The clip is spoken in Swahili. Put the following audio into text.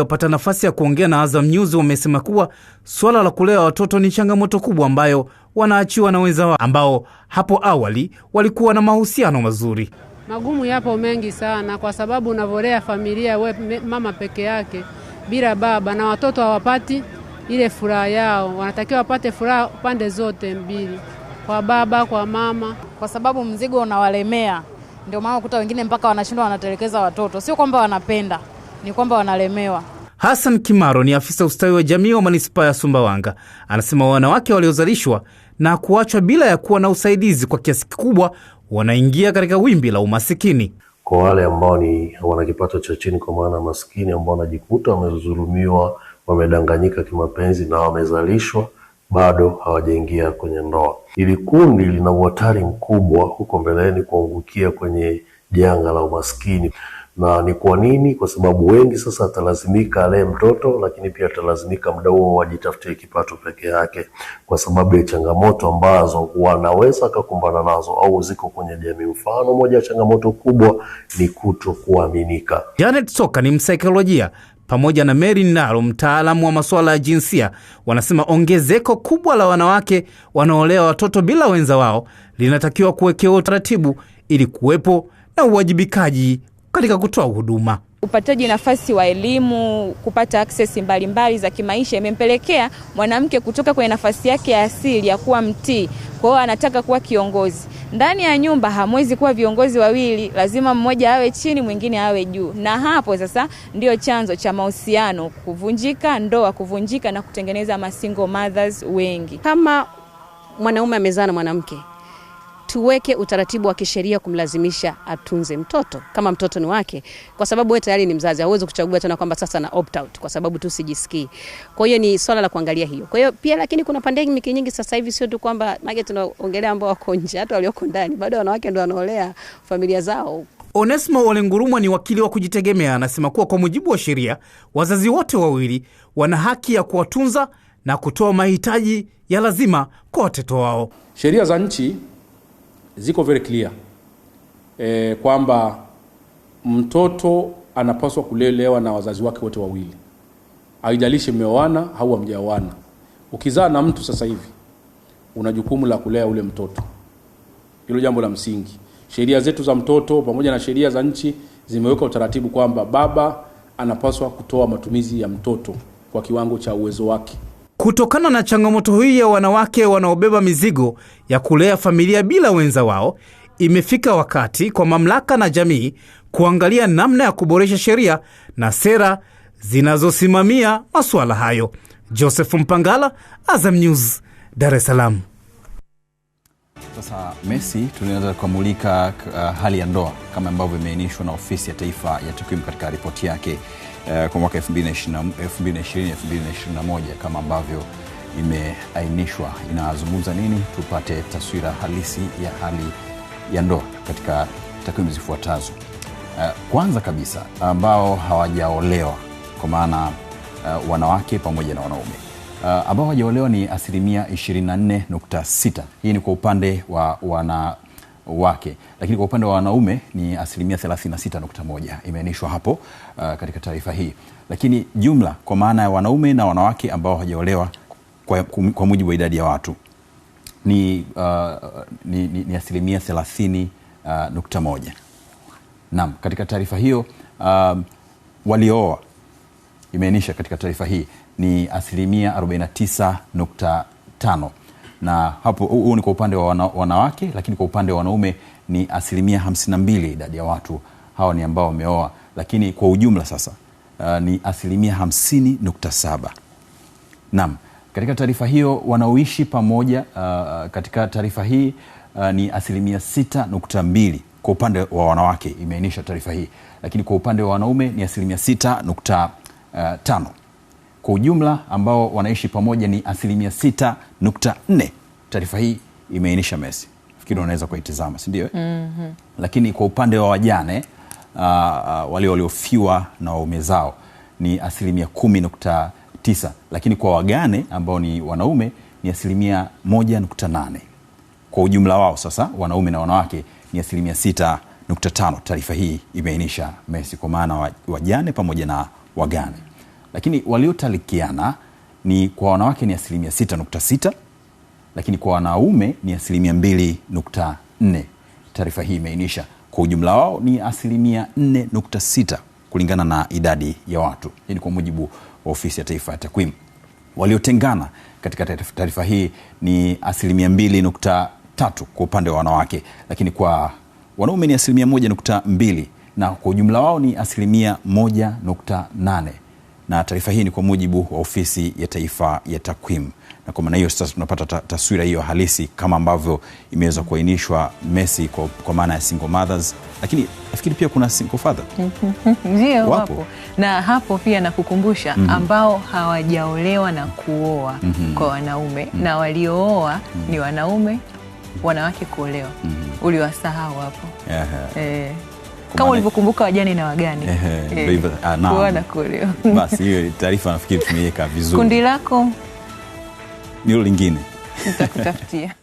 Wapata nafasi ya kuongea na Azam News wamesema kuwa suala la kulea watoto ni changamoto kubwa ambayo wanaachiwa na wenza wao ambao hapo awali walikuwa na mahusiano mazuri. Magumu yapo mengi sana, kwa sababu unavolea familia we mama peke yake bila baba, na watoto hawapati ile furaha yao. Wanatakiwa wapate furaha pande zote mbili, kwa baba, kwa mama, kwa sababu mzigo unawalemea. Ndio maana ukuta wengine mpaka wanashindwa, wanatelekeza watoto, sio kwamba wanapenda ni kwamba wanalemewa. Hassan Kimaro ni afisa ustawi wa jamii wa manispaa ya Sumbawanga, anasema wanawake waliozalishwa na kuachwa bila ya kuwa na usaidizi kwa kiasi kikubwa wanaingia katika wimbi la umasikini. Kwa wale ambao ni wana kipato cha chini, kwa maana maskini, ambao wanajikuta wamezulumiwa, wamedanganyika kimapenzi na wamezalishwa bado hawajaingia kwenye ndoa. Hili kundi lina uhatari mkubwa huko mbeleni kuangukia kwenye janga la umaskini na ni kwa nini? Kwa sababu wengi sasa atalazimika alee mtoto, lakini pia atalazimika muda huo ajitafutie kipato peke yake, kwa sababu ya changamoto ambazo wanaweza akakumbana nazo au ziko kwenye jamii. Mfano moja ya changamoto kubwa ni kuto kuaminika. Janet Soka ni msaikolojia pamoja na Mary Ndaro, mtaalamu wa masuala ya jinsia, wanasema ongezeko kubwa la wanawake wanaolewa watoto bila wenza wao linatakiwa kuwekewa utaratibu ili kuwepo na uwajibikaji katika kutoa huduma. Upataji nafasi wa elimu, kupata akses mbalimbali za kimaisha imempelekea mwanamke kutoka kwenye nafasi yake ya asili ya kuwa mtii. Kwa hiyo anataka kuwa kiongozi. Ndani ya nyumba hamwezi kuwa viongozi wawili, lazima mmoja awe chini, mwingine awe juu, na hapo sasa ndio chanzo cha mahusiano kuvunjika, ndoa kuvunjika na kutengeneza masingle mothers wengi. Kama mwanaume amezaa na mwanamke tuweke utaratibu wa kisheria kumlazimisha atunze mtoto kama mtoto ni wake, kwa sababu wewe tayari ni mzazi, hauwezi kuchagua tena kwamba sasa na opt out kwa sababu tu sijisikii. Kwa hiyo ni swala la kuangalia hiyo. Kwa hiyo pia, lakini kuna pandemic nyingi sasa hivi, sio tu kwamba mage, tunaongelea ambao wako nje, hata walioko ndani bado wanawake ndio wanaolea familia zao. Onesmo Olengurumwa ni wakili wa kujitegemea, anasema kuwa kwa mujibu wa sheria wazazi wote wawili wana haki ya kuwatunza na kutoa mahitaji ya lazima kwa watoto wao. Sheria za nchi ziko very clear e, kwamba mtoto anapaswa kulelewa na wazazi wake wote wawili, haijalishi mmeoana au hamjaoana. Ukizaa na mtu sasa hivi una jukumu la kulea ule mtoto, hilo jambo la msingi. Sheria zetu za mtoto pamoja na sheria za nchi zimeweka utaratibu kwamba baba anapaswa kutoa matumizi ya mtoto kwa kiwango cha uwezo wake. Kutokana na changamoto hii ya wanawake wanaobeba mizigo ya kulea familia bila wenza wao, imefika wakati kwa mamlaka na jamii kuangalia namna ya kuboresha sheria na sera zinazosimamia masuala hayo. Joseph Mpangala, Azam News, Dar es Salaam. Sasa Messi, tunaweza kumulika uh, hali ya ndoa kama ambavyo imeainishwa na ofisi ya taifa ya takwimu katika ripoti yake uh, kwa mwaka 2020 2021 kama ambavyo imeainishwa. Inazungumza nini? Tupate taswira halisi ya hali ya ndoa katika takwimu zifuatazo. Uh, kwanza kabisa ambao hawajaolewa kwa maana uh, wanawake pamoja na wanaume uh, ambao hawajaolewa ni asilimia 24.6. Hii ni kwa upande wa wanawake, lakini kwa upande wa wanaume ni asilimia 36.1, imeainishwa hapo uh, katika taarifa hii. Lakini jumla kwa maana ya wanaume na wanawake ambao hawajaolewa kwa, kwa mujibu wa idadi ya watu ni, uh, ni, ni, ni asilimia 30.1. Uh, Naam, katika taarifa hiyo um, waliooa imeainisha katika taarifa hii ni asilimia 49.5 na hapo huu ni kwa upande wa wana, wanawake lakini kwa upande wa wanaume ni asilimia 52 idadi ya watu hawa ni ambao wameoa lakini kwa ujumla sasa uh, ni asilimia 50.7 naam katika taarifa hiyo wanaoishi pamoja uh, katika taarifa hii uh, ni asilimia 6.2 kwa upande wa wanawake imeainisha taarifa hii lakini kwa upande wa wanaume ni asilimia 6.5 uh, kwa ujumla ambao wanaishi pamoja ni asilimia 6.4 taarifa hii imeainisha mesi fikiri unaweza kuitizama sindio mm-hmm. lakini kwa upande wa wajane uh, uh, wale waliofiwa na waume zao ni asilimia 10.9 lakini kwa wagane ambao ni wanaume ni asilimia 1.8 kwa ujumla wao sasa wanaume na wanawake ni asilimia 6.5 taarifa hii imeainisha mesi kwa maana wajane pamoja na wagane lakini waliotalikiana ni kwa wanawake ni asilimia 6.6 lakini kwa wanaume ni asilimia 2.4 taarifa hii imeainisha kwa ujumla wao ni asilimia 4.6 kulingana na idadi ya watu hii ni kwa mujibu wa ofisi ya taifa ya takwimu waliotengana katika taarifa hii ni asilimia 2.3 kwa upande wa wanawake lakini kwa wanaume ni asilimia 1.2 na kwa ujumla wao ni asilimia 1.8 na taarifa hii ni kwa mujibu wa Ofisi ya Taifa ya Takwimu, na kwa maana hiyo sasa tunapata taswira hiyo halisi kama ambavyo imeweza kuainishwa Messi kwa, kwa maana ya single mothers, lakini nafikiri pia kuna single father ndio wapo. na hapo pia nakukumbusha mm -hmm. ambao hawajaolewa na kuoa mm -hmm. kwa wanaume mm -hmm. na waliooa mm -hmm. ni wanaume wanawake kuolewa mm -hmm. uliwasahau hapo yeah. Eh. e kama ulivyokumbuka wajane na wagani. Eh, ah, Basi hiyo taarifa nafikiri tumeiweka vizuri. Kundi lako nilo lingine nitakutafutia.